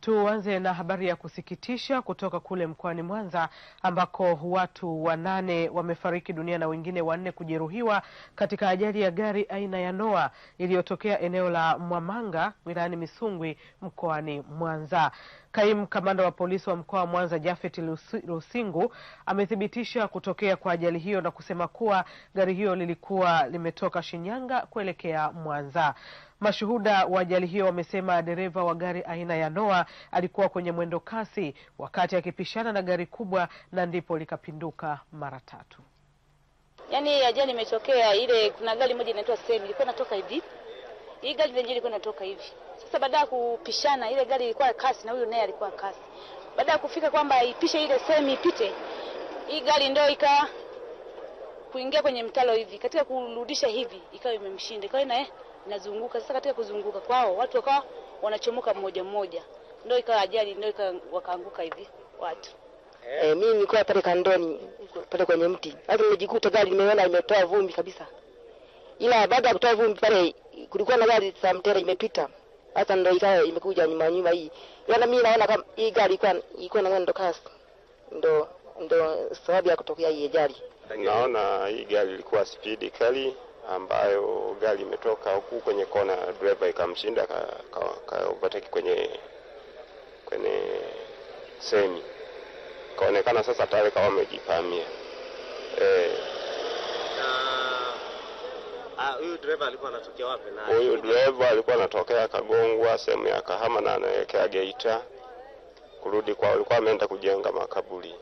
Tuanze na habari ya kusikitisha kutoka kule mkoani Mwanza ambako watu wanane wamefariki dunia na wengine wanne kujeruhiwa katika ajali ya gari aina ya Noah iliyotokea eneo la Mwamanga wilayani Misungwi mkoani Mwanza. Kaimu kamanda wa polisi wa mkoa wa Mwanza Jafet Lusingu amethibitisha kutokea kwa ajali hiyo na kusema kuwa gari hiyo lilikuwa limetoka Shinyanga kuelekea Mwanza. Mashuhuda wa ajali hiyo wamesema dereva wa gari aina ya noa alikuwa kwenye mwendo kasi wakati akipishana na gari kubwa na ndipo likapinduka mara tatu. Yaani ajali imetokea ile, kuna gari moja inaitwa Semi ilikuwa inatoka hivi, hii gari lenyewe ilikuwa inatoka hivi sasa baada ya kupishana, ile gari ilikuwa kasi na huyu naye alikuwa kasi. Baada ya kufika kwamba ipishe ile semi ipite, hii gari ndio ika kuingia kwenye mtalo hivi, katika kurudisha hivi ikawa imemshinda, ikawa naye inazunguka. Sasa katika kuzunguka kwao watu wakawa wanachomoka mmoja mmoja, ndio ikawa ajali, ndio wakaanguka hivi watu. Eh, mimi nilikuwa pale kandoni pale kwenye mti, hata nimejikuta gari nimeona imetoa vumbi kabisa, ila baada ya kutoa vumbi pale kulikuwa na gari za mtera imepita hata ndo ikawa imekuja nyuma nyuma hii. Yaani mimi naona kama hii gari ilikuwa ilikuwa na mwendo kasi, Ndo ndo sababu ya kutokea hii ajali. Naona hii gari ilikuwa speed kali ambayo gari imetoka huku kwenye kona, driver ikamshinda ka, ka, ka overtake kwenye kwenye semi, kaonekana sasa tayari kawa amejipamia eh. Ah, huyu driver alikuwa anatokea wapi? Na huyu alikuwa anatokea Kagongwa sehemu ya Kahama na anaelekea Geita kurudi kwao, alikuwa ameenda kujenga makaburi.